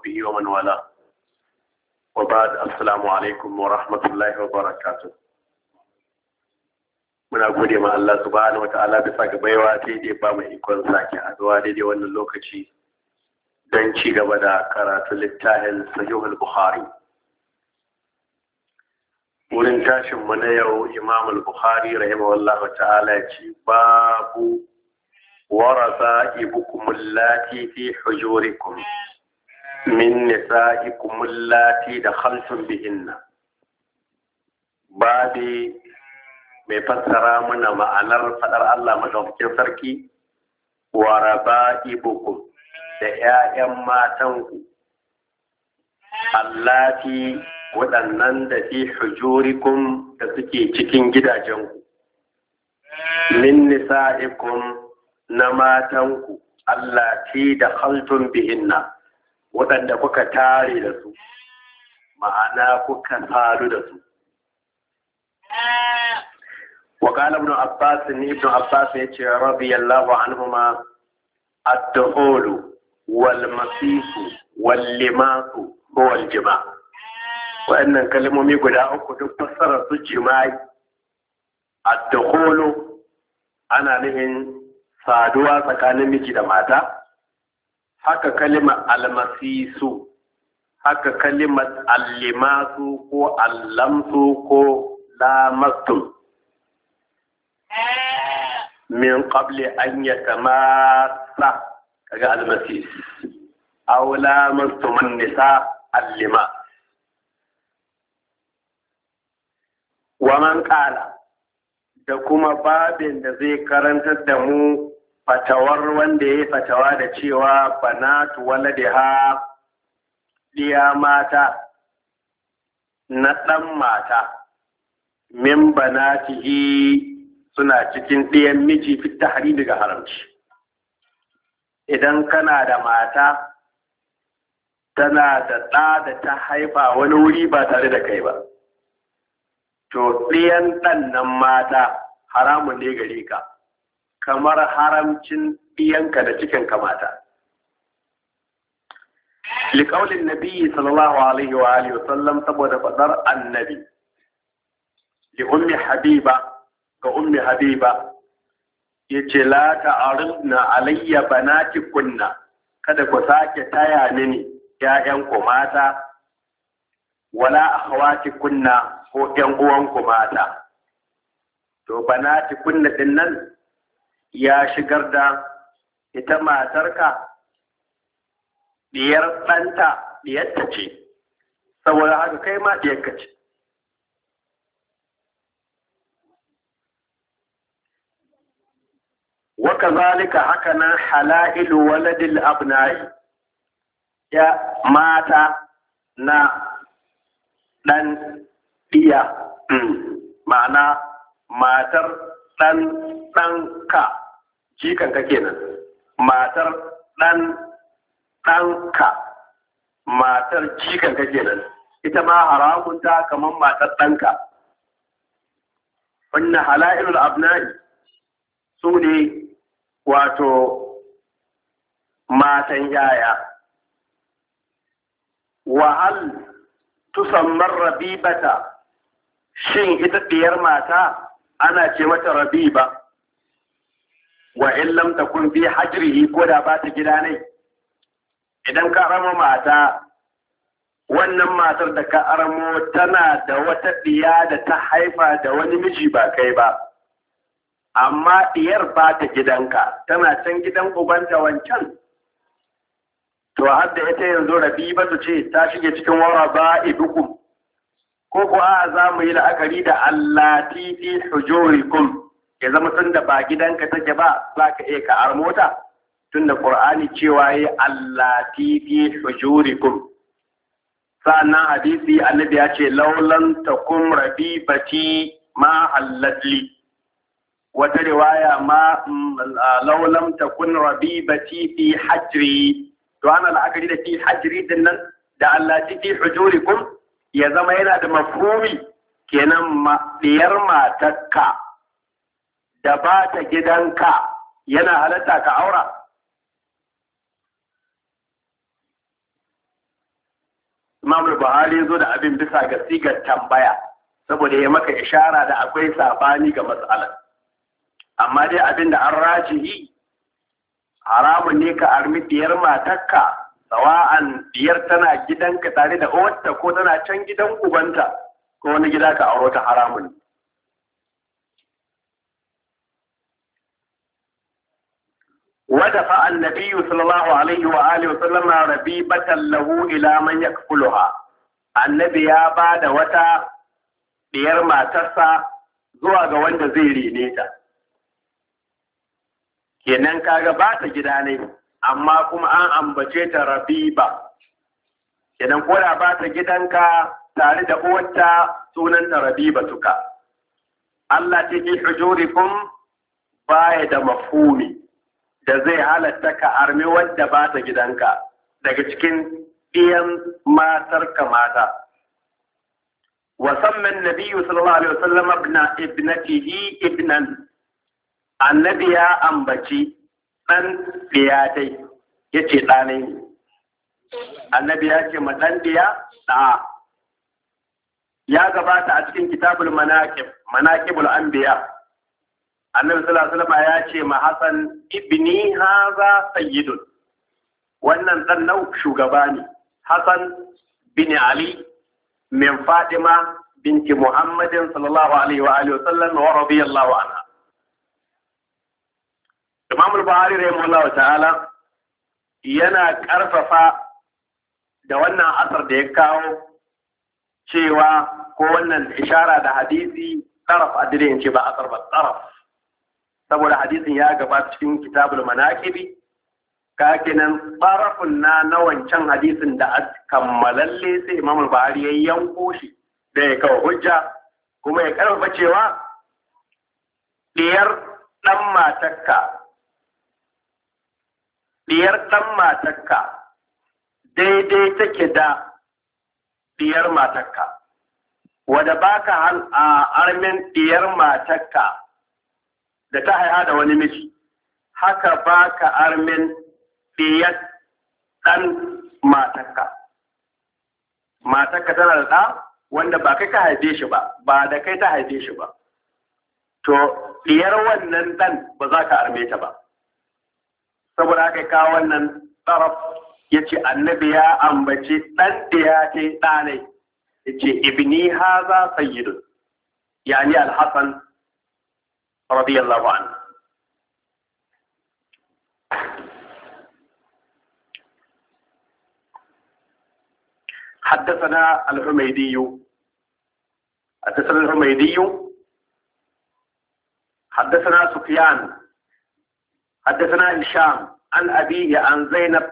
وصحبه ومن والاه وبعد السلام alaikum wa rahmatullahi wa barakatu. muna gode ma Allah subhanahu wata'ala bisa ga baiwa ta da ba mu ikon sake adawa daidai wannan lokaci don ci gaba da karatu littafin sahih al-bukhari wurin tashin mu na yau imam al-bukhari rahimahullahu ta'ala ya ci babu warasa ibukum allati fi hujurikum min nisa'ikum allati da khalfun bihinna babi mai fassara mana ma'anar fadar Allah madaukakin sarki wa raba'ibukum da 'ya'yan matanku allati waɗannan da fi hujurikum da suke cikin gidajenku min nisa'ikum na Allah allati da khaltun bihinna waɗanda kuka tare da su ma'ana kuka halu da su وقال ابن عباس ابن عباس يتي رضي الله عنهما الدخول والمسيح واللماس هو الجماع وأن كلمة يقول أكو تفسر الجماع الدخول أنا لهن saduwa tsakanin miji da mata haka kalimar almasisu haka kalimar allimasu ko allamsu ko lamastu min qabli an sa kaga almasis aw lamastu an-nisa allima wa man kala da kuma babin da zai karantar da mu fatawar wanda ya yi fatawa da cewa banatu ha ɗiya mata na ɗan mata min banatihi suna cikin ɗiyan miji fi hari daga haramci idan kana da mata tana da ɗa da ta haifa wani wuri ba tare da kai ba to ɗiyan ɗan nan mata haramun ne gare ka kamar haramcin ɗiyanka da cikin kamata liƙaulin nabi sallallahu alaihi wa Alaihi wasallam saboda faɗar annabi li ummi habiba ga ummi habiba Ya ce la na alayya kunna, kada ku sake taya mini yayanku mata wala kunna ko yan uwanku mata to kunna din nan ya shigar da ita matarka biyar ɗanta biyar ta ce saboda haka kai ma biyar diyarka ce Wa waka zalika haka nan halailu waladil abnai ya mata na ɗan iya ma'ana matar ɗan ɗanka jikanka kenan matar ɗan danka. matar jikanka kenan ita ma haramun ta kamar matar ɗanka wannan hala'ilul abnai su ne wato matan yaya wahal tusammar rabibata shin ita ɗiyar mata ana ce mata rabiba wa in lam takun fi hajrihi ko da ba ta gida ne idan ka rama mata wannan matar da ka aramo tana da wata ɗiya da ta haifa da wani miji ba kai ba amma ɗiyar ba ta gidanka tana can gidan ubanta wancan to har da ita yanzu rabi ba su ce ta shige cikin wara ba ibukum ko ko a za mu yi la'akari da allati fi hujurikum ya zama san da ba gidanka take ba za ka iya ka armota tun da qur'ani cewa ya allati fi hujurikum sa'annan hadisi annabi ya ce laulan takum rabibati ma halatli wata riwaya ma mm, laulan takun rabibati fi hajri to ana la'akari da fi hajri din nan da Allah ti fi hujurikum ya zama yana da mafhumi kenan ma matakka da ba ta gidanka yana halatta ka aura Imam Buhari zo da abin bisa ga sigar tambaya saboda ya maka ishara da akwai sabani ga matsalar amma dai abin da an yi, haramun ne ka armi biyar matarka sawa'an biyar tana gidanka tare da uwarta ko tana can gidan ubanta ko wani gida ka aurota ta haramun ودفع النبي صلى الله عليه وآله وسلم ربيبة له إلى من يكفلها النبي يا بعد وتا matarsa zuwa ga wanda zai rene ta kenan kaga ba ta gida ne amma kuma an ambace ta rabiba kenan ko da ba ta gidanka tare da uwarta sunan ta rabiba tuka Allah ta ke hujurikum baya da mafhumi da zai halatta ka armi wadda ba ta gidanka daga cikin ɗiyan matarka mata. Wasamman Nabiyu sallallahu Alaihi wasallam abna ibnatihi ibnan, annabi ya ambaci ɗan ɗiyatai ya ce ɗane ne. Annabi ya ce ma ɗan ɗiya ɗa. Ya gabata a cikin kitabul manaqib, manaqibul anbiya. biya. annabi sallallahu alaihi wasallam ya ce ma Hassan ibni haza sayyidun wannan dan nau shugaba ne Hassan bin Ali min Fatima binti Muhammadin sallallahu alaihi wa alihi wasallam wa radiyallahu anha Imam al-Bukhari rahimahullahu ta'ala yana karfafa da wannan asar da ya kawo cewa ko wannan ishara da hadisi taraf adirin ce ba asar ba taraf saboda hadisin ya gabata cikin kitabul manaqibi ka kenan tsarafin na na wancan hadisin da kammalalle sai imam al-bahari ya yanko shi da ya kawo hujja kuma ya karfafa cewa diyar dan matakka diyar dan matakka daidai take da diyar matakka wanda baka armin diyar matakka da ta haiha da wani miji haka ba ka armin biyar ɗan matakka matakka tana da ɗa wanda ba kai ka haife shi ba ba da kai ta haife shi ba to ɗiyar wannan ɗan ba za ka arme ta ba saboda haka ka wannan tsaraf ya ce annabi ya ambaci ɗan da ya ce ɗanai ya ce ibni haza sayyidun yani alhassan رضي الله عنه حدثنا الحميدي حدثنا الحميدي حدثنا سفيان حدثنا هشام عن أبيه عن زينب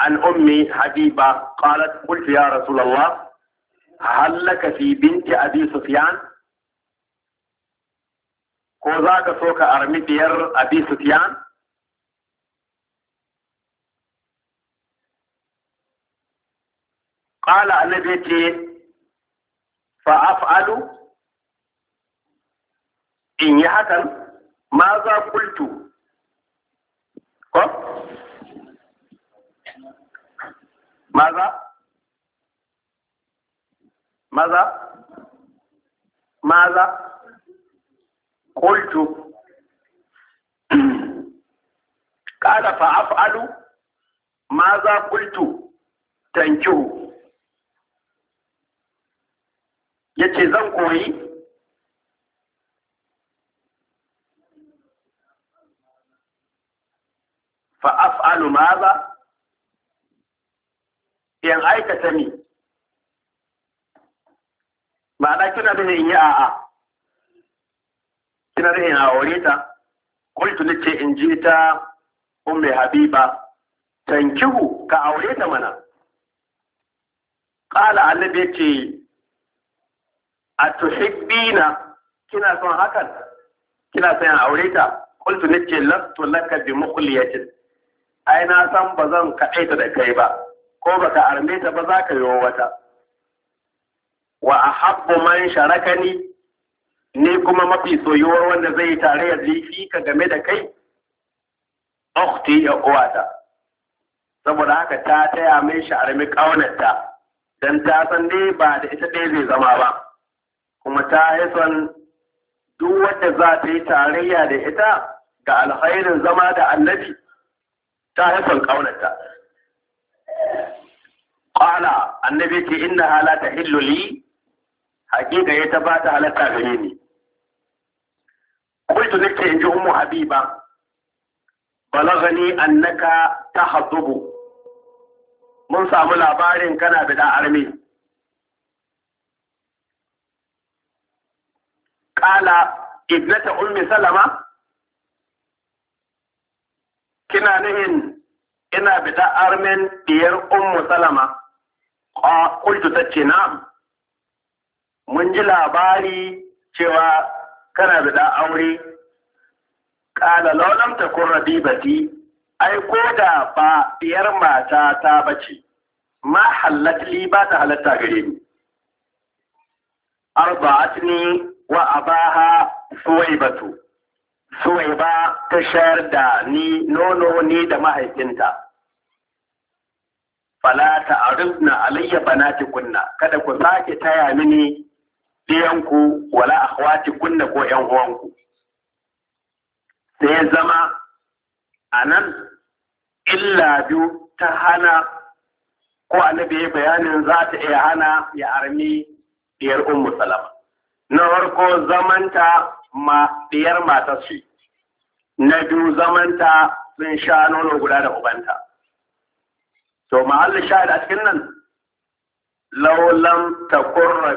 عن أمي حبيبة قالت قلت يا رسول الله هل لك في بنت أبي سفيان ko za ka so ka armi biyar a abi sufyan qala annabi yace fa af'alu in yi hakan ma za kultu ko maza maza maza qultu qala fa af'alu ma za qultu tankihu yace zan koyi fa af'alu ma za in aikata ni kina da in a'a kina da in aure ta kultu nace in ji ta umme habiba tankihu ka aure ta mana qala annabi yace atuhibbina kina son hakan kina son in aure ta kultu nace lastu laka bi mukhliyatin ai na san bazan kaɗaita da kai ba ko baka arme ta ba za ka yi wata wa ahabbu man sharakani ni kuma mafi soyuwar wanda zai yi tarayyar zai ka game da kai ukhti ya uwata saboda haka ta taya mai sha'armi ƙaunarta don ta san dai ba da ita ɗaya zai zama ba kuma ta yi son duk wanda za ta yi tarayya da ita ga alkhairin zama da annabi ta yi son ƙaunarta ƙwala annabi ce inna hala ta li hakika ya ta ba ta halatta gare ni قلت لك يا أم حبيبة بلغني أنك تحضب من صعب العبار إن كان بدا عرمي قال ابنة أم سلمة كنا نهن إنا بدا أرمن دير أم سلمة قلت تتشي نعم من جل عباري kana da ɗan aure ƙala laulam ta kun rabibati ai ko da ba ɗiyar mata ta bace ma halatli ba ta halatta gare ni arba'atni wa abaha suwaibatu suwaiba ta shayar da ni nono ni da mahaifinta fala ta arifna alayya banati kunna kada ku sake taya mini ɗiyanku wala akhwati kunna ko 'yan uwanku sai zama a nan illa biyu ta hana ko annabi ya bayanin za ta iya hana ya armi diyar ummu salama na farko zamanta ma biyar matar shi na biyu zamanta sun sha nono guda da ubanta to mahallin sha a cikin nan Laulan ta kurra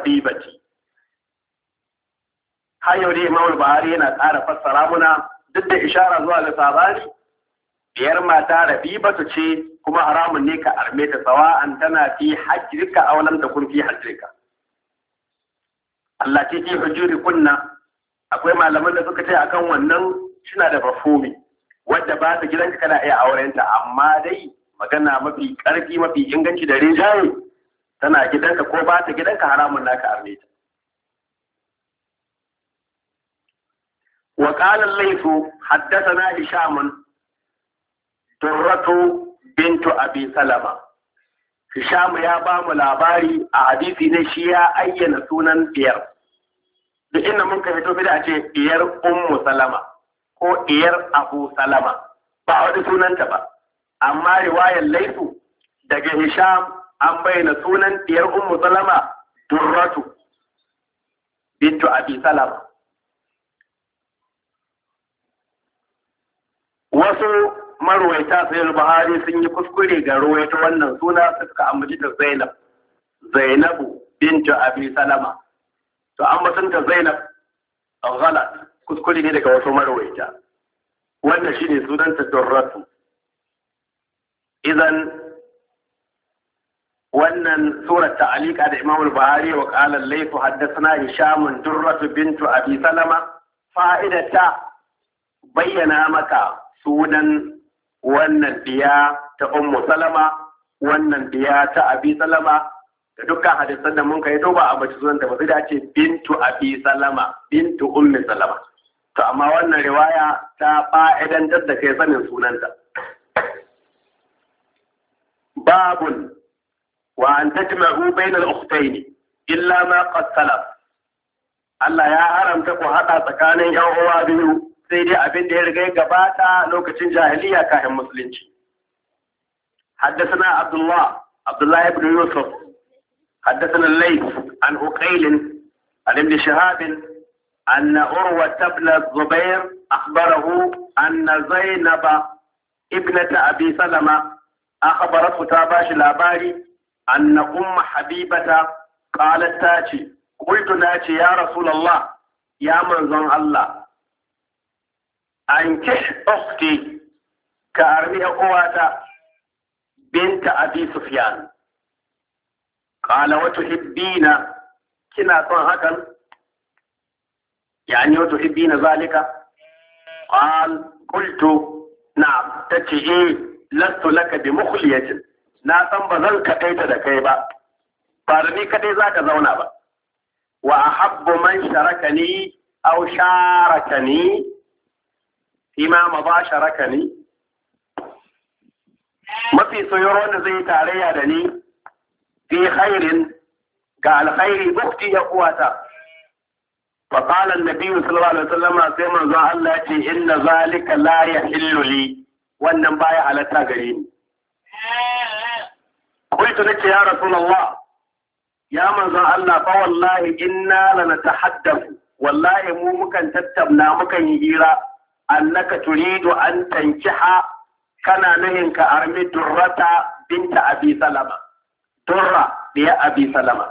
har yau dai imamul bahari yana ƙara fassara muna duk da ishara zuwa ga sabani biyar mata Basu ce kuma haramun ne ka arme ta an tana fi hajjirka a wannan da kun fi hajjirka Allah ce ce hujuri kunna akwai malaman da suka ce akan wannan suna da bafomi wadda ba ta gidanka kana iya aurenta amma dai magana mafi ƙarfi mafi inganci da rinjaye tana gidanka ko ba ta gidanka haramun naka arme ta وقال الليث حدثنا هشام ترته بنت ابي سلمة ya bamu labari a hadisi ne shi ya ayyana sunan biyar da inna mun kai to bida ce biyar ummu ko biyar abu ba wani sunan ta ba amma riwayar laifu daga hisham an bayyana sunan biyar ummusalama? salama turratu bintu abi salama wasu marwaita sayar buhari sun yi kuskure ga ruwaita wannan suna suka ambaci da zainab zainabu bintu abi salama to an mutunta zainab ghalat kuskure ne daga wasu marwaita wannan shine sunanta durratu idan wannan surar ta'alika da Imam al-Buhari wa qala al haddathana Hisham durratu bintu abi salama fa'idata bayyana maka sunan wannan diya ta ummu salama wannan diya ta abi salama da dukkan hadisan da mun kai ba a bace sunan da ba da bintu abi salama bintu ummi salama to amma wannan riwaya ta fa'idantar da kai sanin sunanta babun wa an tajma'u bainal ukhtayn illa ma qad salaf Allah ya haramta ku haɗa tsakanin ‘yan uwa biyu sai dai abin da ya riga gabata lokacin jahiliya kayan musulunci haddasa abdullah abdullah ibn yusuf haddasa na lai an hukailin alim da shahabin an na urwa tabla zubair akhbarahu an na zainaba ibn ta bashi labari an na umma habibata qalat ta ce ya ناتي يا رسول الله يا منزل an kish ukhti ka armi uwata binta abi sufyan qala wa tuhibbina kina son hakan yani wa tuhibbina zalika qal qultu na'am tace eh lastu laka bi mukhliyatin na san ba zan kadaita da kai ba ba da ni kadai zaka zauna ba wa ahabbu man sharakani aw sharakani Imama ma ba sharaka ne mafi soyar wanda zai tarayya da ni fi khairin ga alkhairi ukti ya uwata fa qala an-nabi sallallahu alaihi wasallam sai manzo Allah ya ce inna zalika la yahillu li wannan baya halatta gare ni قلت لك يا رسول الله يا من الله فوالله إنا لنتحدث والله مو مكن mukan yi hira." annaka turidu an tankiha kana nuhin ka armi durrata binta abi salama durra biya abi salama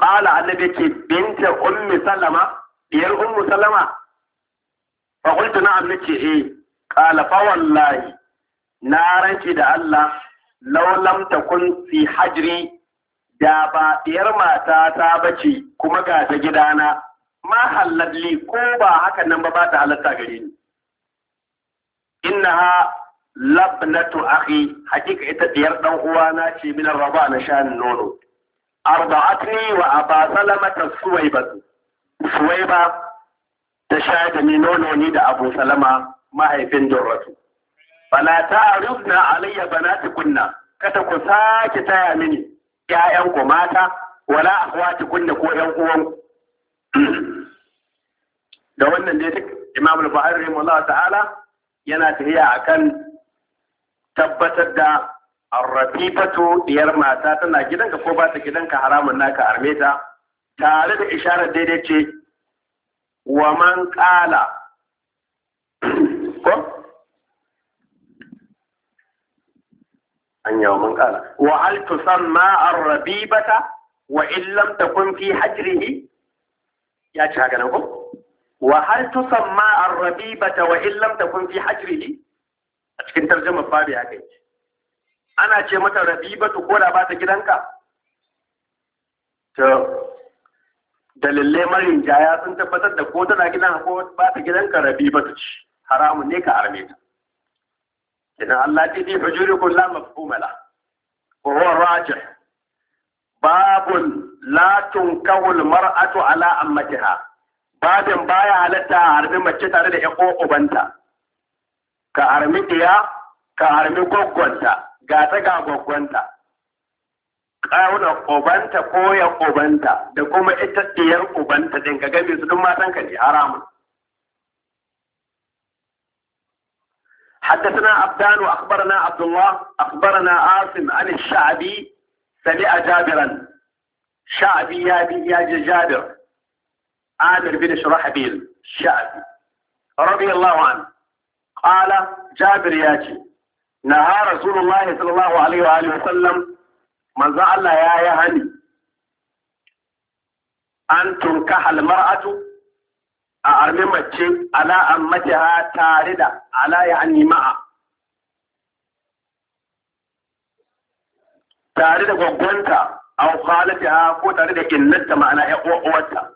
qala annabi ce binta ummi salama diyar Ummi salama fa qultu na'am nace eh qala fa wallahi na ranci da Allah law lam takun fi hajri da ba diyar mata ta bace kuma ga ta gidana ma halalli ko ba haka nan ba ba ta halatta gare ni innaha labnatu akhi hakika ita diyar dan na ce min raba na shan nono arba'atni wa aba ta suwayba suwaiba ta shayar da ni nono ni da abu salama mahaifin durratu fala ta'rifna alayya banatukunna kada ku sake taya mini ƴaƴanku mata wala akhwatikunna ko 'yan uwanku da wannan dai Imam al-Bukhari rahimahullah ta'ala yana tafiya akan tabbatar da arrafifatu diyar mata tana gidanka ko ba ta gidanka haramun naka arme ta tare da isharar daidai ce wa man qala ko anya wa man qala wa hal tusamma arrabibata wa illam takun fi hajrihi ya ci haka nan ko wa hal tusamma ar-rabibata wa illam takun fi hajrihi a cikin tarjuma babu ya kai ana ce mata rabibatu ko da ba ta gidanka to dalilai marin jaya sun tabbatar da ko tana gidan ko ba ta gidanka rabibatu ce haramun ne ka arme ta idan Allah ya ce hujurikum la mafhumala wa huwa rajih babun la kawul mar'atu ala ammatiha babin baya halatta a harbi mace tare da ƴan ubanta ka harbi diya ka harbi gwaggwanta ga ta ga gwaggwanta kauna ubanta ko ya ubanta da kuma ita diyar ubanta din ka gabe su duk matan ka ne haramun حدثنا عبدان واخبرنا عبد الله اخبرنا عاصم عن الشعبي سمع جابرا شعبي يا بي يا جابر عامر بن شرحبيل شعبي رضي الله عنه قال جابر ياتي نهى رسول الله صلى الله عليه وآله وسلم من زعل يا يهني أن تنكح المرأة أرممتي على أمتها تاردة على يعني معه tare da gwaggwanta aw khalatiha ko tare da innata ma'ana ya uwarta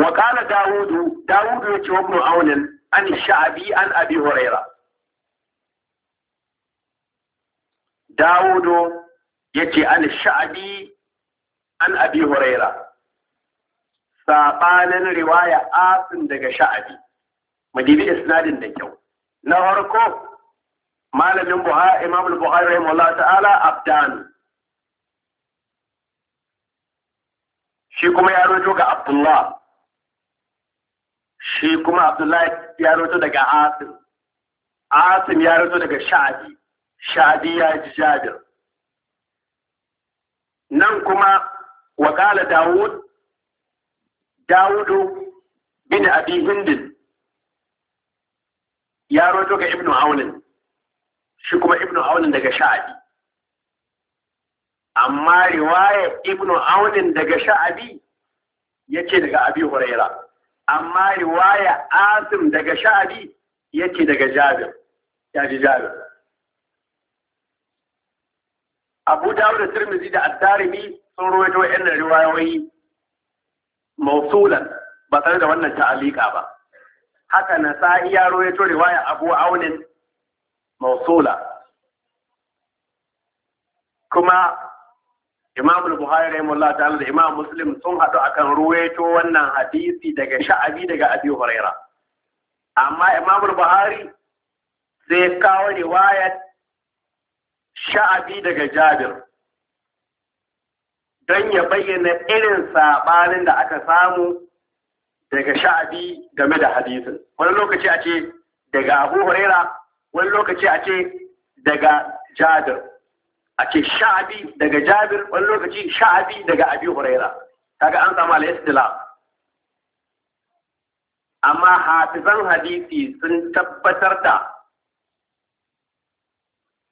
wa qala dawudu dawudu ce wa ibn Aunin an sha'abi an abi huraira dawudu ce an sha'abi an abi huraira Saɓanin riwaya asin daga sha'abi. mu isnadin da kyau na farko malamin Buhari, imam al-bukhari rahimahullah ta'ala abdan shi kuma ya roto ga abdullah shi kuma abdullah ya roto daga asim asim ya roto daga sha'adi sha'adi ya ji jabir nan kuma wakala dawud dawudu bin abi hindin ya roto ga ibnu aunin shi kuma ibnu aunin daga sha'abi amma riwaya ibnu aunin daga sha'abi yace daga abi huraira amma riwaya asim daga sha'abi yace daga jabir ya ji jabir abu dawud da tirmidhi da at-tarimi sun rawaito wa'annan riwayoyi mausulan ba tare da wannan ta'alika ba haka na sa'i ya rawaito riwaya abu aunin mausula kuma imam buhari rahimahullah ta'ala da imam muslim sun haɗu akan ruwaito wannan hadisi daga sha'abi daga abi huraira amma imam buhari sai kawo riwayat sha'abi daga jabir don ya bayyana irin saɓanin da aka samu daga sha'abi game da hadisin wani lokaci a ce daga abu huraira wani lokaci a ce daga jabir a ce sha'abi daga jabir wani lokaci sha'abi daga abi huraira kaga an samu al-istila amma hafizan hadisi sun tabbatar da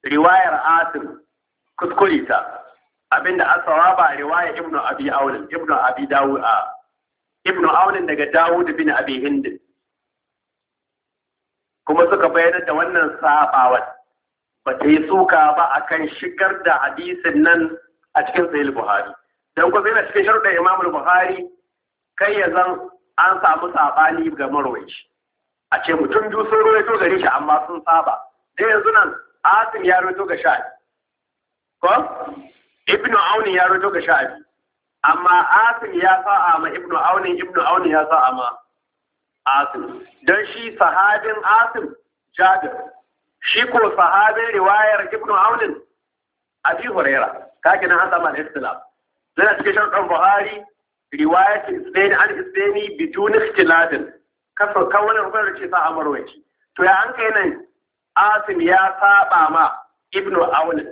riwayar asim kuskure ta abinda asawa ba riwaya ibnu abi aulin ibnu abi dawud a ibnu aulin daga dawud bin abi hindin kuma suka bayyana da wannan sabawa ba ta yi suka ba akan shigar da hadisin nan a cikin sahih buhari Don kuma na cikin sharuɗin imam buhari kai ya zan an samu sabani ga marwaci a ce mutum biyu sun rawaito gare shi amma sun saba da yanzu nan asim ya rawaito ga sha'abi ko ibnu auni ya rawaito ga sha'abi amma asim ya sa'a ma ibnu auni ibnu auni ya sa'a ma asim don shi sahabin asim jabir shi ko sahabin riwayar ibn aunin abi huraira kake nan hasa mal istilaf lana cikin sharɗan buhari riwayat isbain an isbaini bidun ikhtilafin kafa kawai rubar ce sa amarwaci to ya an kai nan asim ya saba ma ibn aunin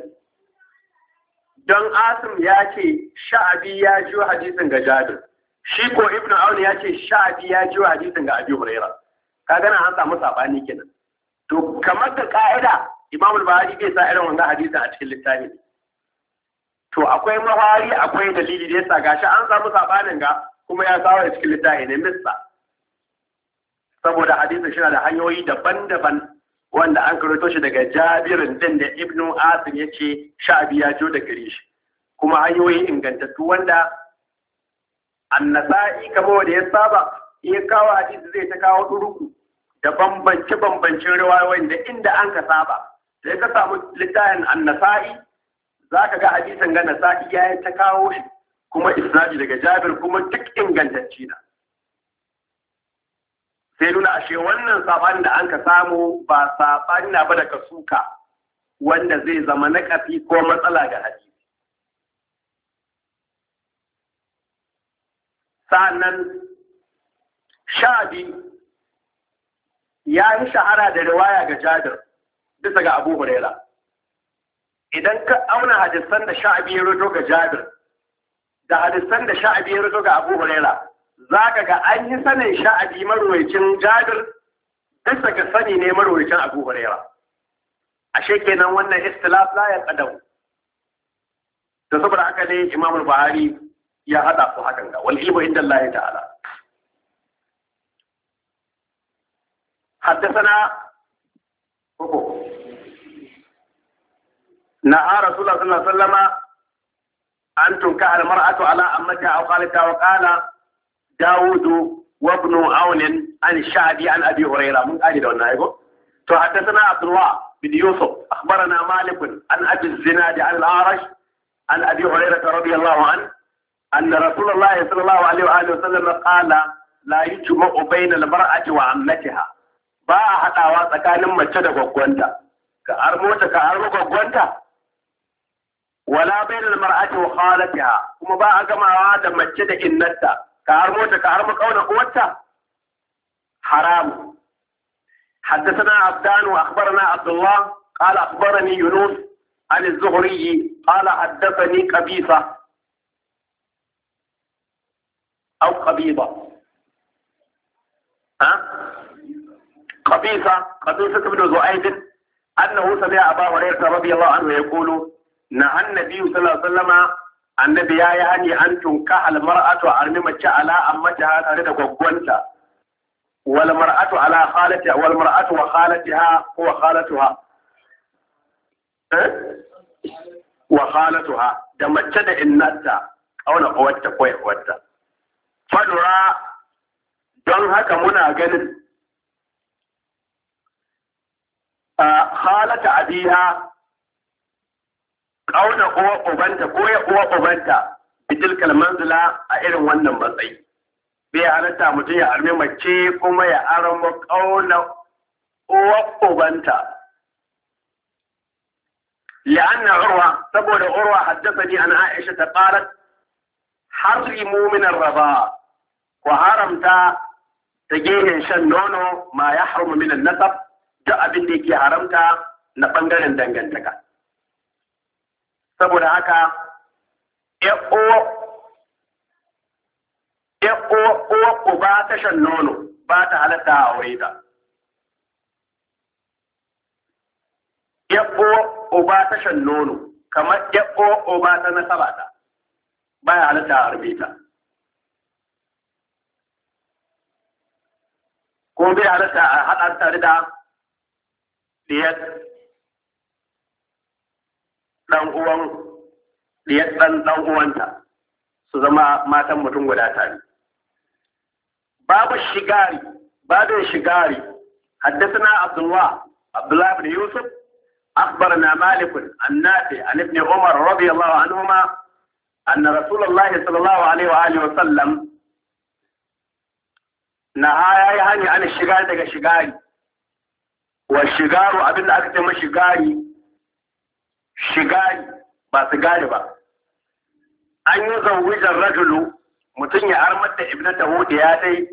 don asim ya ce sha'abi ya jiyo hadisin ga jabir shi ko ibnu aun ya ce sha'abi ya ji hadisin ga abi huraira ka gana an samu sabani kenan to kamar da ka'ida imam al bai sa irin wannan hadisin a cikin littafi to akwai mahari akwai dalili da yasa gashi an samu sabanin ga kuma ya sawo cikin littafi ne missa saboda hadisin shi da hanyoyi daban-daban wanda an karanto shi daga jabirin din da ibnu asim ya ce ya jo da gare shi kuma hanyoyi ingantattu wanda annasa'i kamar da ya saba ya kawo hadisi zai ta kawo duruku da bambance bambancin riwayoyin da inda an ka saba sai ka samu littafin annasa'i zaka ga hadisin ga nasa'i ya ta kawo shi kuma isnadi daga Jabir kuma duk ingantacci na sai nuna ashe wannan saban da an ka samu ba saban na ba da suka, wanda zai zama na ko matsala ga hadisi sa'annan sha'abi ya yi shahara da riwaya ga Jadar bisa ga abu huraira idan ka auna hadisan da sha'abi ya rito ga jadar da hadisan da sha'abi ya rito ga abu huraira za ka ga an yi sanin sha'abi marwacin Jadar bisa ga sani ne marwacin abu huraira a shekenan wannan istilaf la ya kadau da saboda haka ne imamul buhari ya hada su hakan ga wal ilmu inda Allah ta'ala حدثنا نهى رسول الله صلى الله عليه وسلم أن تنكح المرأة على أمتها أو خالتها وقال داود وابن عون عن الشعبي عن أبي هريرة من أجل النائب فحدثنا عبد الله بن يوسف أخبرنا مالك عن أبي الزناد عن الأعرج عن أبي هريرة رضي الله عنه أن رسول الله صلى الله عليه وآله وسلم قال لا يجمع بين المرأة وعمتها با حداوا تسكانين مace da gaggwanta ka armota ka arro gaggwanta wala bain almar'ati wa khalatiha kuma ba a gamawa da mace da innarta ka حدثنا عبدان واخبرنا عبد الله قال اخبرني يونس عن الزهري قال حدثني قبيصه au qabida ha qabisa qabisa ibn zu'aid annahu sami'a aba hurairah radiyallahu anhu yaqulu na annabi sallallahu alaihi wasallam annabi yayi hani an tunka al mar'atu armi mace ala amma ta tare da gwaggwanta wal mar'atu ala khalatiha wal mar'atu wa khalatiha wa khalatuha wa da mace da innata auna ko fanura don haka muna ganin halata abiha ƙauna uwa ubanta ko ya uwa ubanta bitil kalmanzila a irin wannan matsayi bai halatta mutum ya arme mace kuma ya arama ƙauna uwa ubanta لأن عروة تقول عروة حدثني عن عائشة قالت حرموا من الرضاء ku haramta ta gehen shan nono ma ya haramu minan nasab duk abin da yake haramta na ɓangaren dangantaka saboda haka uwa ba ta shan nono ba ta halatta a wuri ta uwa ba ta shan nono kamar uwa ba ta nasaba ta ba ya halatta a wuri ta ko bai halatta a haɗa tare da diyar ɗan uwan ɗan ɗan uwanta su zama matan mutum guda tare babu shigari babin shigari حدثنا Abdullahi الله عبد الله بن يوسف أخبرنا مالك النافع عن ابن عمر رضي الله عنهما أن رسول الله صلى الله عليه وآله وسلم na ya yi hanyar ana shiga daga shigari wa shigaru abin da aka ce mashi shigari shigari ba su gari ba an yi zawujar rajulu mutum ya armar da ibn tahu da ya dai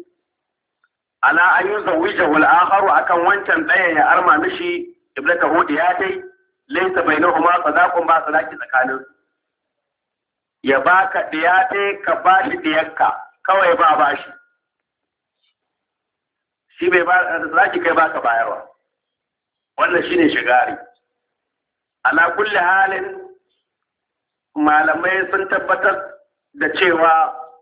ala an yi zawujar a akan wancan ɗaya ya arma mishi ibn tahu da ya dai laisa bai nahu ma sadakun ba laki tsakanin ya baka da ya dai ka bashi da yakka kawai ba bashi shi bai ba za ki kai baka bayarwa wannan shine shigari ala kulli halin malamai sun tabbatar da cewa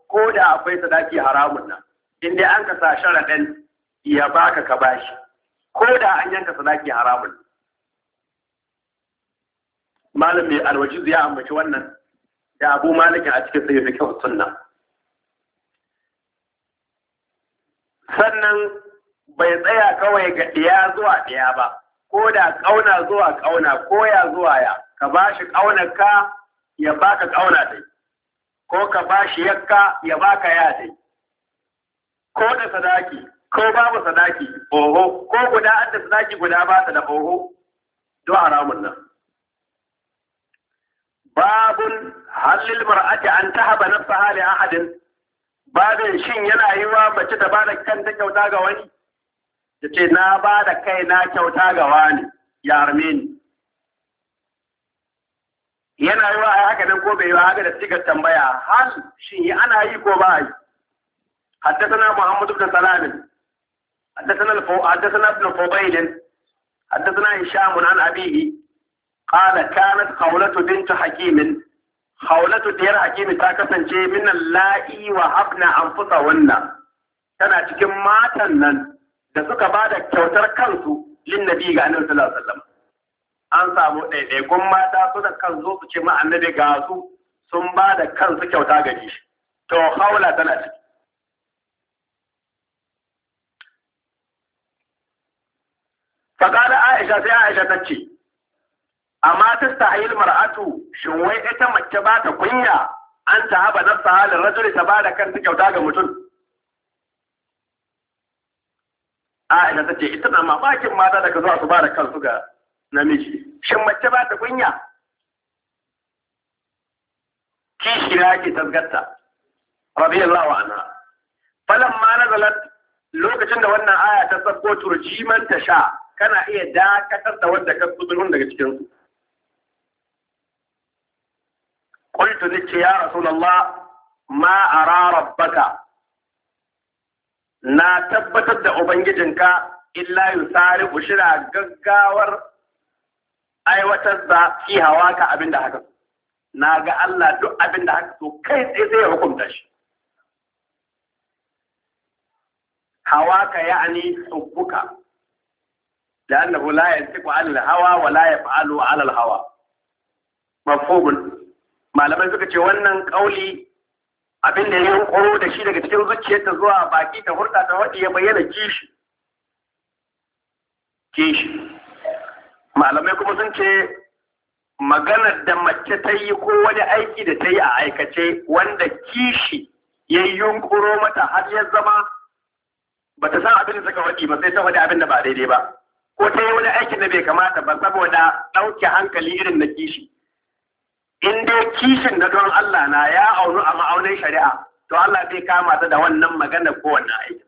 ko da akwai sadaki haramun nan in dai an kasa sharaɗin ya baka ka bashi ko da an yanka sadaki haramun malam mai alwajiz ya ambaci wannan da abu malikin a cikin sayyidin kyau sunna sannan bai tsaya kawai ga ɗiya zuwa ɗiya ba ko da ƙauna zuwa ƙauna ko ya zuwa ya ka ba shi ƙaunarka ya baka ƙauna dai ko ka ba shi yakka ya baka ya dai ko da sadaki ko babu sadaki oho ko guda an da sadaki guda ba ta da oho do haramun nan babun halil mar'ati an tahaba nafsaha li ahadin babin shin yana wa mace ta ba da kanta kyauta ga wani ya ce na ba da kai na kyauta ga wani ni. yana yi wa haka nan ko bai yi haka da cikar tambaya hal shi yi ana yi ko ba yi haddasana muhammadu da salamin haddasana haddasana da fobaidin haddasana in sha munan abihi kala kanat haulatu bintu hakimin haulatu da Yar hakimin ta kasance minan la'i wa hafna an fusa wannan tana cikin matan nan da suka ba da kyautar kansu lin nabi ga annabi sallallahu alaihi wasallam an samu ɗaiɗaikun mata su da kan zo su ce ma annabi ga su sun ba da kansu kyauta gare shi to haula tana ciki fakala aisha sai aisha ta ce amma ta sahil mar'atu shin wai ita mace ba ta kunya an ta haba nafsa halin rajuli ta ba da kansu kyauta ga mutum Aisha ta ce ita na mamakin mata daga zuwa su ba da kansu ga namiji. Shin mace ba ta kunya? Kishi na ke tasgatta. Radiyallahu anha. Falan ma nazalat lokacin da wannan aya ta sabko turjiman ta sha kana iya dakatar da wanda ka tsubirin daga cikin su. Qultu nace ya Rasulullah ma ara rabbaka na tabbatar da ubangijinka illa tsari ushira gaggawar aiwatar da fi hawa ka abin da haka na ga Allah duk abin da haka so kai tsaye zai hukunta shi hawa ka ya'ani hubbuka لأنه لا ينطق hawa, الهوى ولا يفعل alal hawa. Mafogun, malamai suka ce wannan ƙauli abin da ya yunkuro da shi daga cikin zuciyarta zuwa baki ta hurta ta waɗi ya bayyana kishi kishi malamai kuma sun ce maganar da mace ta yi ko wani aiki da ta yi a aikace wanda kishi ya yi yunkuro mata har ya zama ba ta san abin da suka waɗi ba sai ta waɗi abin da ba daidai ba ko ta yi wani aikin da bai kamata ba saboda ɗauke hankali irin na kishi in dai kishin da don Allah na ya aunu a ma'aunin shari'a to Allah zai kama ta da wannan magana ko wannan aiki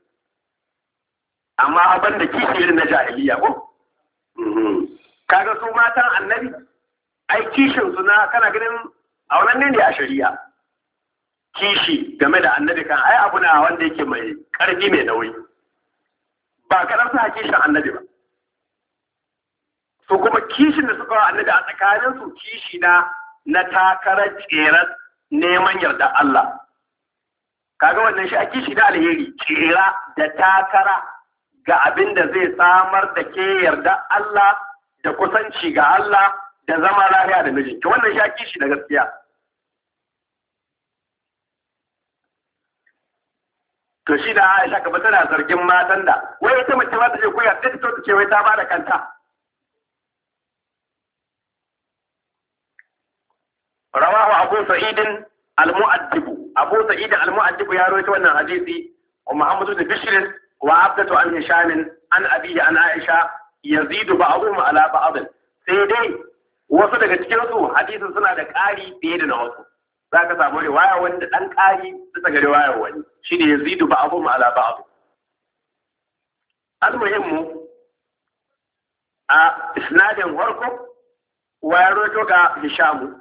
amma abin da kishi irin na jahiliya ko mhm. kaga su matan annabi ai kishin su na kana ganin aunan ne ne a shari'a kishi game da annabi kan ai abu na wanda yake mai karfi mai nauyi ba kaɗan sa kishin annabi ba su kuma kishin da suka wa annabi a tsakaninsu kishi na na takarar tseren neman yarda Allah kaga wannan shi ake shi da alheri tsira da takara ga abin da zai samar da ke yarda Allah da kusanci ga Allah da zama lafiya da mijinki wannan shi ake shi da gaskiya to shi da Aisha ka tana zargin matan da wai ita mace ma ta je koyar ce wai ta ba da kanta rawahu abu sa'idin al-mu'addibu abu sa'idin al-mu'addibu ya rawaito wannan hadisi wa muhammadu da bishrin wa abdatu an hishamin an abiya an aisha yazidu ba'dhum ala ba'd sai dai wasu daga cikin su hadisin suna da ƙari fiye da na wasu za ka samu riwaya wanda ɗan ƙari su ga riwayar wani shi ne yazidu ba'dhum ala ba'd al-muhimmu a isnadin warko wa ya roto ga hishamu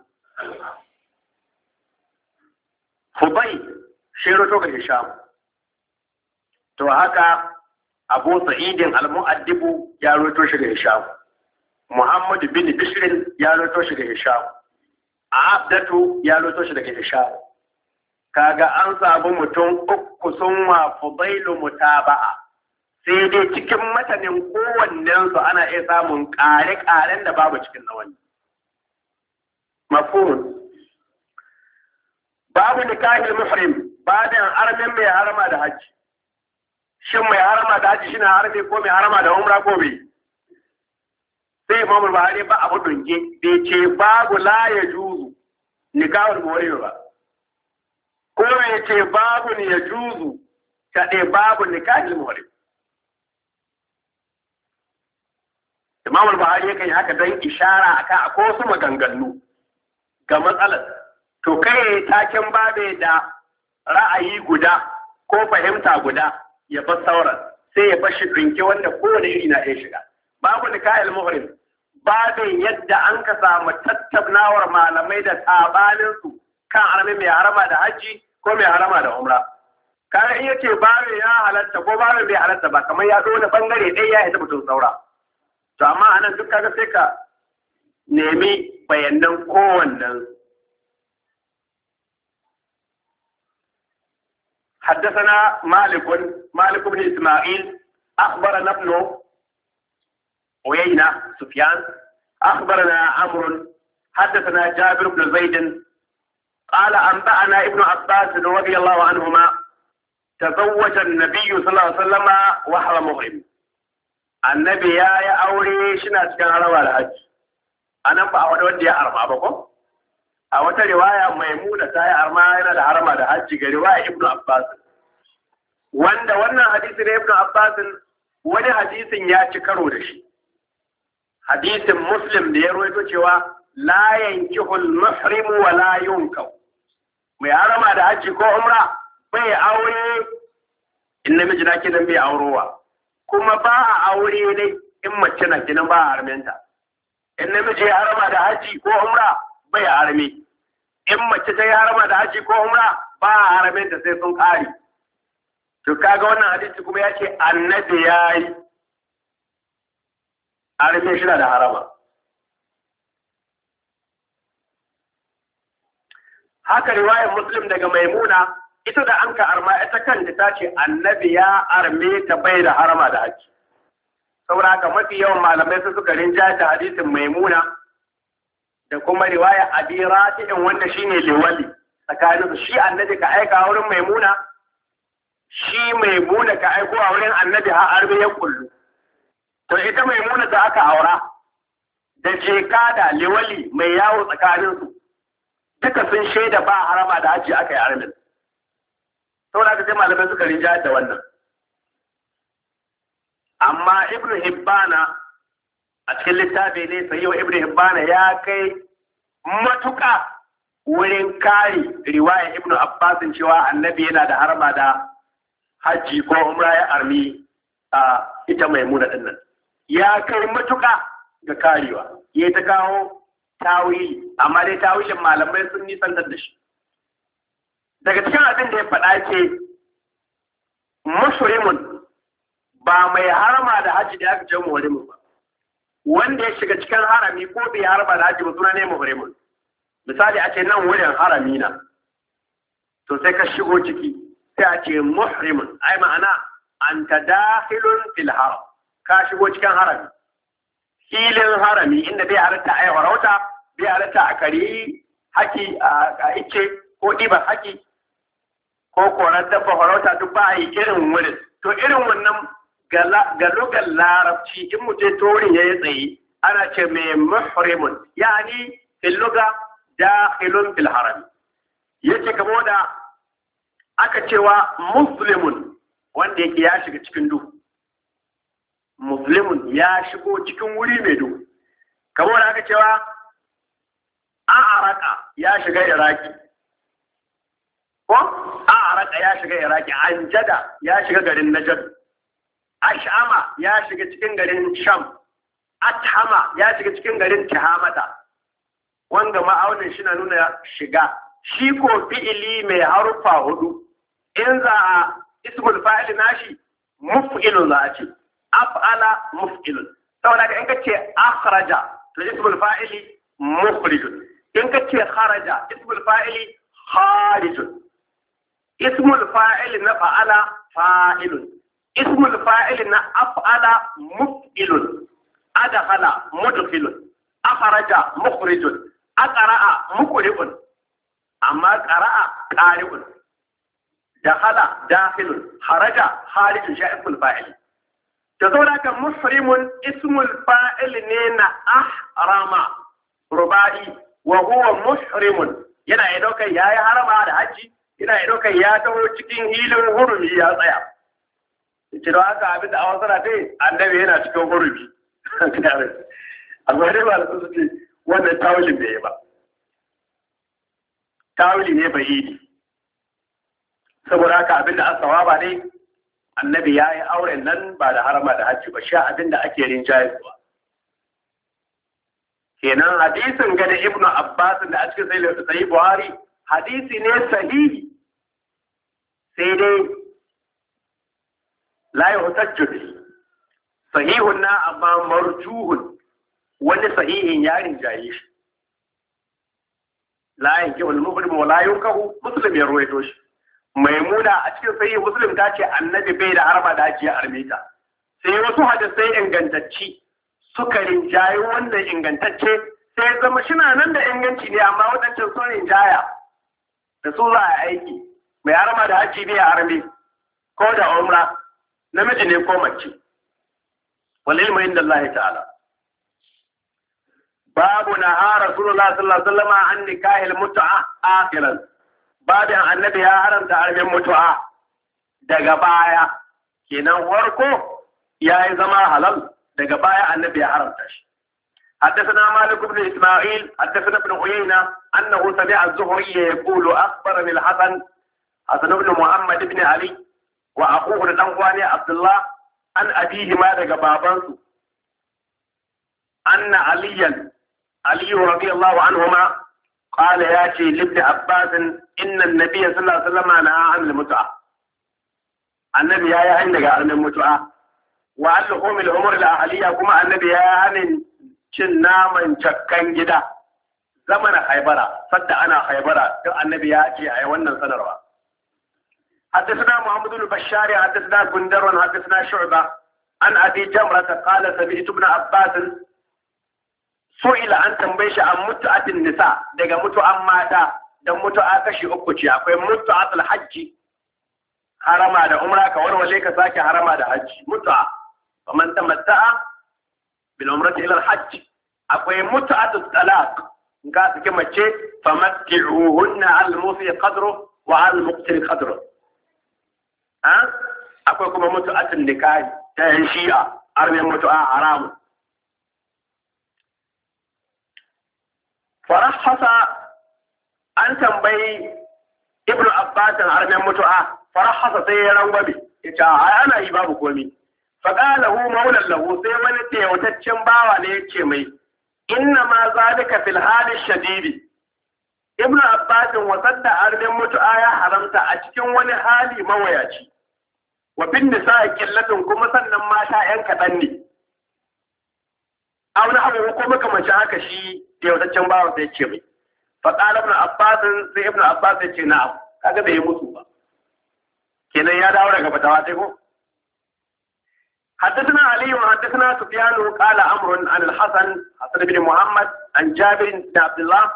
Hubai shi ga Hisham. To haka Abu Sa'idin al-Mu'addibu ya roto shi ga Hisham. Muhammad bin Bishrin ya roto shi ga Hisham. Abdatu ya roto shi daga Hisham. Kaga an sabu mutum uku sun wa Fudailu mutaba'a. Sai dai cikin matanin kowannensu ana iya samun ƙare-ƙaren da babu cikin na mafhum babu nikahil muhrim bayan armin mai harama da hajji shin mai harama da hajji shine harami ko mai harama da umra ko bai sai imamu buhari ba abu dunke da ce babu la ya juzu nikahul muhrim ba ko ya ce babu ni ya juzu kaɗai babu nikahil muhrim imamu buhari yakan yi haka don ishara akan akwai wasu maganganu ga matsalar to kai taken babe da ra'ayi guda ko fahimta guda ya bar sauran sai ya bar shi rinke wanda kowane iri na iya shiga babu ka ilmuhrin babe yadda an ka samu tattaunawar malamai da tsabaninsu kan harami mai harama da hajji ko mai harama da umra kaga in yace babe ya halatta ko babe bai halatta ba kamar ya zo wani bangare ɗaya ya isa mutum saura to amma anan duk kaga sai ka nemi bayanan kowannen حدثنا مالك مالك بن إسماعيل أخبرنا ابن عيينة سفيان أخبرنا عمرو حدثنا جابر بن زيد قال أنبأنا ابن عباس رضي الله عنهما تزوج النبي صلى الله عليه وسلم وحر مغرم النبي يا يا أولي شنا كان على الحج a nan ba a wani wanda ya arma ba ko a wata riwaya maimuna ta yi arma yana da harma da hajji ga riwaya ibnu abbas wanda wannan hadisi na ibnu abbas wani hadisin ya ci karo da shi hadisin muslim da ya rawaito cewa la yankihul muhrimu wa la yunkau mai harama da hajji ko umra bai aure in namiji na kinan bai aurowa kuma ba a aure ne in mace na kinan ba a armenta in namiji ya harama da haji ko umra bai harami in mace ta yi harama da haji ko umra ba a haramin da sai sun kare to kaga wannan hadisi kuma yake annabi ya harami shi da harama haka riwaya muslim daga maimuna ita da anka ka arma ita kanta ta ce annabi ya arme ta bai da harama da haji saboda haka mafi yawan malamai su suka rinja da hadisin maimuna da kuma riwaya abi rafi'in wanda shine liwali tsakanin su shi annabi ka aika wurin maimuna shi maimuna ka aiko a wurin annabi har arbi ya kullu to ita maimuna da aka aura da jeka da liwali mai yawo tsakanin su duka sun shaida ba harama da haji aka yi armin saboda haka sai malamai suka rinja da wannan amma ibn hibbana a cikin littafi ne sai yau ibn hibbana ya kai matuƙa wurin kari, riwaya ibn Abbas cewa annabi yana da harba da hajji ko umra ya armi a ita maimuna dinnan ya kai matuƙa ga karewa ya ta kawo tawili amma dai tawilin malamai sun nisan da shi daga cikin abin da ya faɗa ce mushrimun ba mai harama da hajji da aka ce muhrimin ba wanda ya shiga cikin harami ko bai harama da hajji ba suna ne muhrimin misali a ce nan wurin harami na to sai ka shigo ciki sai a ce muhrimin ai ma'ana an ta dakhilun fil haram ka shigo cikin harami filin harami inda bai halatta a yi bai halatta a kari haki a ice ko ɗiba haki ko korar dafa farauta duk ba a yi irin wurin to irin wannan ga lugar larabci in mutum torin ya yi tsaye ana ce mai muhrimun yani fil da dakhilun fil haram yace kamo da aka cewa muslimun wanda yake ya shiga cikin duhu muslimun ya shigo cikin wuri mai duhu kamo da aka cewa a araka ya shiga iraki ko a araka ya shiga iraki An-Jada ya shiga garin najad ash'ama ya shiga cikin garin sham athama ya shiga cikin garin tihamata wanda ma'aunin shi na nuna shiga shi ko fi'ili mai harufa hudu in za a ismul fa'il nashi muf'ilun za a ce af'ala muf'ilun saboda in ka ce to ismul fa'ili mufilun. in ka ce kharaja ismul fa'ili kharijun ismul fa'il na fa'ala fa'ilun ismul fa'il na af'ala muf'ilun adkhala mudkhilun akhraja mukhrijun aqra'a muqri'un amma qara'a qari'un dakhala dakhilun haraja harijun sha'iful fa'il da saboda haka musrimun ismul fa'il ne na ahrama rubai wa huwa musrimun yana ya dauka yayi da haji yana ya dauka ya taho cikin hilin hurumi ya tsaya ce haka abin da a wasu na annabi yana cikin gurubi amma dai ba su ce wannan tawulin bai yi ba tawuli ne bai yi saboda haka abin da asawa ba ne annabi ya yi auren nan ba da harama da hajji ba sha abin da ake rinjayarwa kenan hadisin gani ibnu abbas da a cikin sahih buhari hadisi ne sahihi sai dai la yuhtajju bihi sahihun na a amma marjuhun wani sahihin ya rinjaye shi la yanki wal mafi wa la yunkahu muslim ya ruwaito shi maimuna a cikin sahih muslim ta ce annabi bai da harba da ake armita sai wasu sai ingantacci suka rinjaye wannan ingantacce sai zama shi na nan da inganci ne amma waɗancan sun rinjaya da su za a aiki mai harba da ake biya armi ko da umra namiji ne ko mace wal inda Allah ta'ala babu na ha rasulullah sallallahu alaihi wasallam an nikahil mut'a akhiran babin annabi ya haramta armin mutu'a daga baya kenan warko yayi zama halal daga baya annabi ya haramta shi حدثنا مالك بن اسماعيل حدثنا ابن عيينه انه سمع الزهري يقول اخبرني الحسن حسن بن محمد بن علي wa aquhu da dan uwa Abdullah an abihi ma daga babansu anna aliyan ali radiyallahu anhuma qala ya ce libda abbas inna an-nabiy sallallahu alaihi wasallam na an mutu'a annabi ya yi hani daga arnin mutu'a wa al-humil umur da ahliya kuma annabi ya yi hanin cin naman cakkan gida zamanin haibara sadda ana haibara duk annabi ya ce a yi wannan sanarwa حدثنا محمد بن البشاري حدثنا كندر حدثنا شعبة عن أبي جمرة قال سمعت ابن عباس سئل عن تنبيش عن متعة النساء دقا متعة ماتا دم متعة كشي أكوشي أكوي متعة الحج حرم على عمرك وليك ساكي حرم على حج متعة ومن تمتع بالعمرة إلى الحج أكوي متعة الطلاق قال كما تشي فمتعوهن على الموصي قدره وعلى المقتل قدره akwai kuma mutu'atin nikahi ta yan shi'a armin mutu'a haramu farahasa an tambayi ibn abbasin armin mutu'a farahasa sai ya rangwabe ya ce a ana yi babu komi faƙa lahu maulan lahu sai wani tewataccen bawa ne ya ce mai inna ma zalika fil halin shadidi ibn abbasin wasan da armin mutu'a ya haramta a cikin wani hali mawayaci wa bin nisa killatin kuma sannan mata yan kadan ne a wani abu ko makamancin haka shi da yautaccen bawan sai ce mai fa qala ibn abbasin sai ibn abbas ya ce na'am kaga bai mutu ba kenan ya dawo daga fatawa sai ko حدثنا علي وحدثنا سفيان قال عمرو عن الحسن حسن بن محمد عن جابر بن عبد الله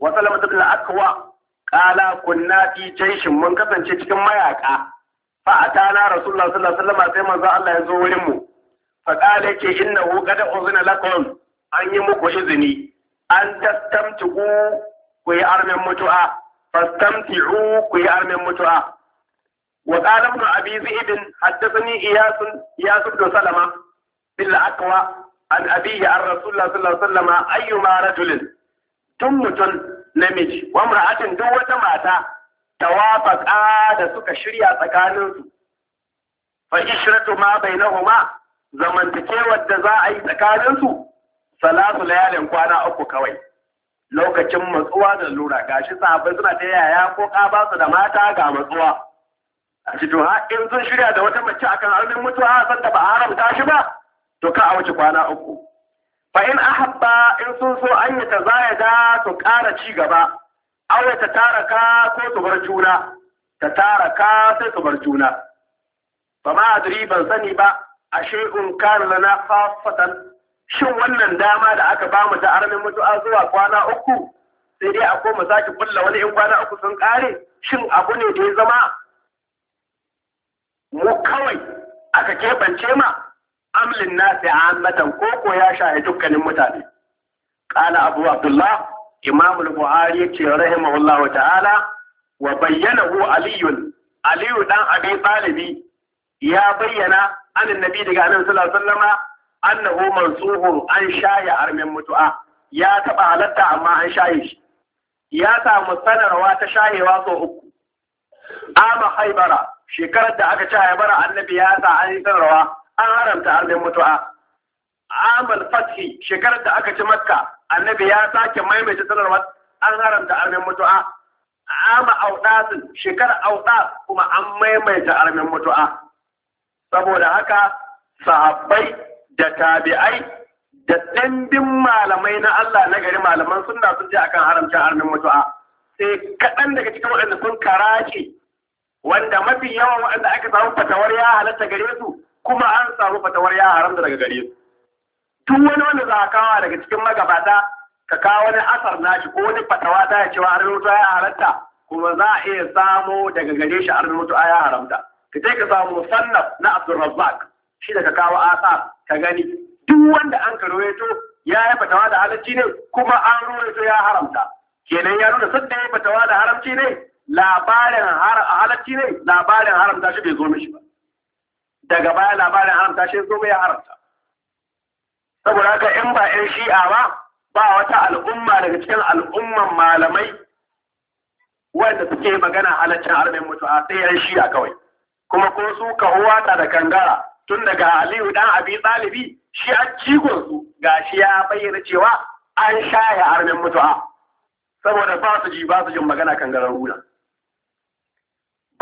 wa salama ibn akwa qala kunna fi mun kasance cikin mayaka fa atana rasulullah sallallahu alaihi wasallam sai manzo Allah ya zo wurin mu fa qala ke innahu qad uzina lakum an yi muku izini an tastamtiku ku yi armin mutu'a fastamti'u ku yi armin mutu'a وقال ابن ابي ذئب حدثني اياس اياس بن سلمه بالعقوى عن ابيه an رسول الله صلى الله عليه وسلم ايما tun mutum namiji wa mar'atin duk wata mata ta wafaƙa da suka shirya tsakaninsu fa ishratu ma bai huma zamantakewar da za a yi tsakaninsu salatu layalin kwana uku kawai lokacin matsuwa da lura gashi sahabbai suna ta yaya ko ka ba da mata ga matsuwa a cikin ha in sun shirya da wata mace akan harbin mutuwa san da ba haramta shi ba to ka a wuce kwana uku Ba in ahabba in sun so an yi ta zayaga su ƙara ci gaba aw ta taraka ko su bar juna ta taraka sai su bar juna Ba ma adiri ban sani ba ashe in kan lana fafatan, shin wannan dama da aka ba bamu ta armin mutu'a zuwa kwana uku sai dai a koma sake bulla wani in kwana uku sun ƙare shin abu ne da ya zama mu kawai aka keɓance ma amlin nasi ammatan ko ko ya shahi dukkanin mutane qala abu abdullah imam al-buhari yace rahimahullahu ta'ala wa bayyanahu aliyun aliyu dan abi talibi ya bayyana anan nabi daga annabi sallallahu alaihi wasallama annahu mansuhun an shaye armin mutu'a ya taba halatta amma an shaye shi ya samu sanarwa ta shayewa sau uku ama haibara shekarar da aka ci haibara annabi ya sa an yi sanarwa an haramta harbin mutu'a amal fathi shekarar da aka ci makka annabi ya sake maimaita sanarwar an haramta armen mutu'a ama audasin shekarar audas kuma an maimaita armen mutu'a saboda haka sahabbai da tabi'ai da ɗanbin malamai na Allah na gari malaman sunna sun je akan haramcin armen mutu'a sai kaɗan daga cikin waɗanda sun karace wanda mafi yawan waɗanda aka samu fatawar ya halatta gare su kuma an samu fatawar ya haramta daga gare su duk wani wanda za a kawo daga cikin magabata ka kawo wani asar nashi ko wani fatawa ta wa harin mutuwa ya haramta kuma za a iya samo daga gare shi harin mutuwa ya haramta ka je ka samu musannaf na Abdulrazzaq shi da ka kawo asar ka gani duk wanda an karwaito ya yi fatawa da halacci ne kuma an to ya haramta kenan ya nuna sadda ya yi fatawa da haramci ne labarin halacci ne labarin haramta shi bai zo mishi ba daga baya labarin haramta shi zo ya haramta saboda haka in ba 'yan shi'a ba ba wata al'umma daga cikin al'umman malamai wanda suke magana halaccin harbin mutu a ‘yan shi'a kawai kuma ko su huwata da kangara tun daga aliyu dan abi ɗalibi shi a su ga shi ya bayyana cewa an shaye harbin mutu'a saboda ba su ji ba su jin magana kangarar wuna.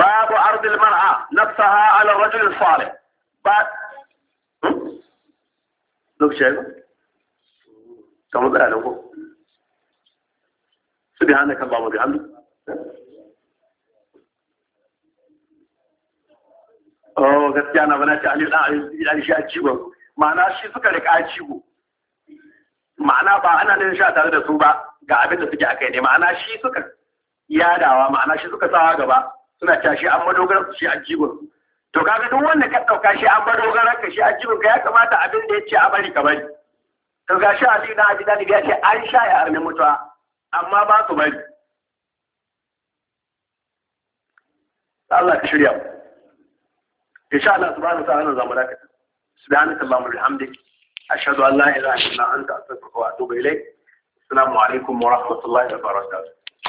باب عرض المرأة نفسها على الرجل الصالح بعد لو شايف كم ذا له سبحانك اللهم وبحمدك oh gaskiya na bana ta alil ali shi a ciwo ma'ana shi suka rika a ciwo ma'ana ba ana nan sha tare da su ba ga abin da suke a kai ne ma'ana shi suka yadawa ma'ana shi suka sawa gaba suna tashi an an su shi a jigon to kaga duk wanda ka ɗauka shi an madogarar ka shi a jigon ka ya kamata abin da ya ce a bari ka bari to ga shi Ali na Abi Talib ya ce an sha ya arni mutuwa amma ba su bari Allah ka shirya insha Allah subhanahu wa ta'ala zamu dakata subhanaka allahumma bihamdik ashhadu an la ilaha illa anta astaghfiruka wa atubu ilayk assalamu alaikum wa rahmatullahi wa barakatuh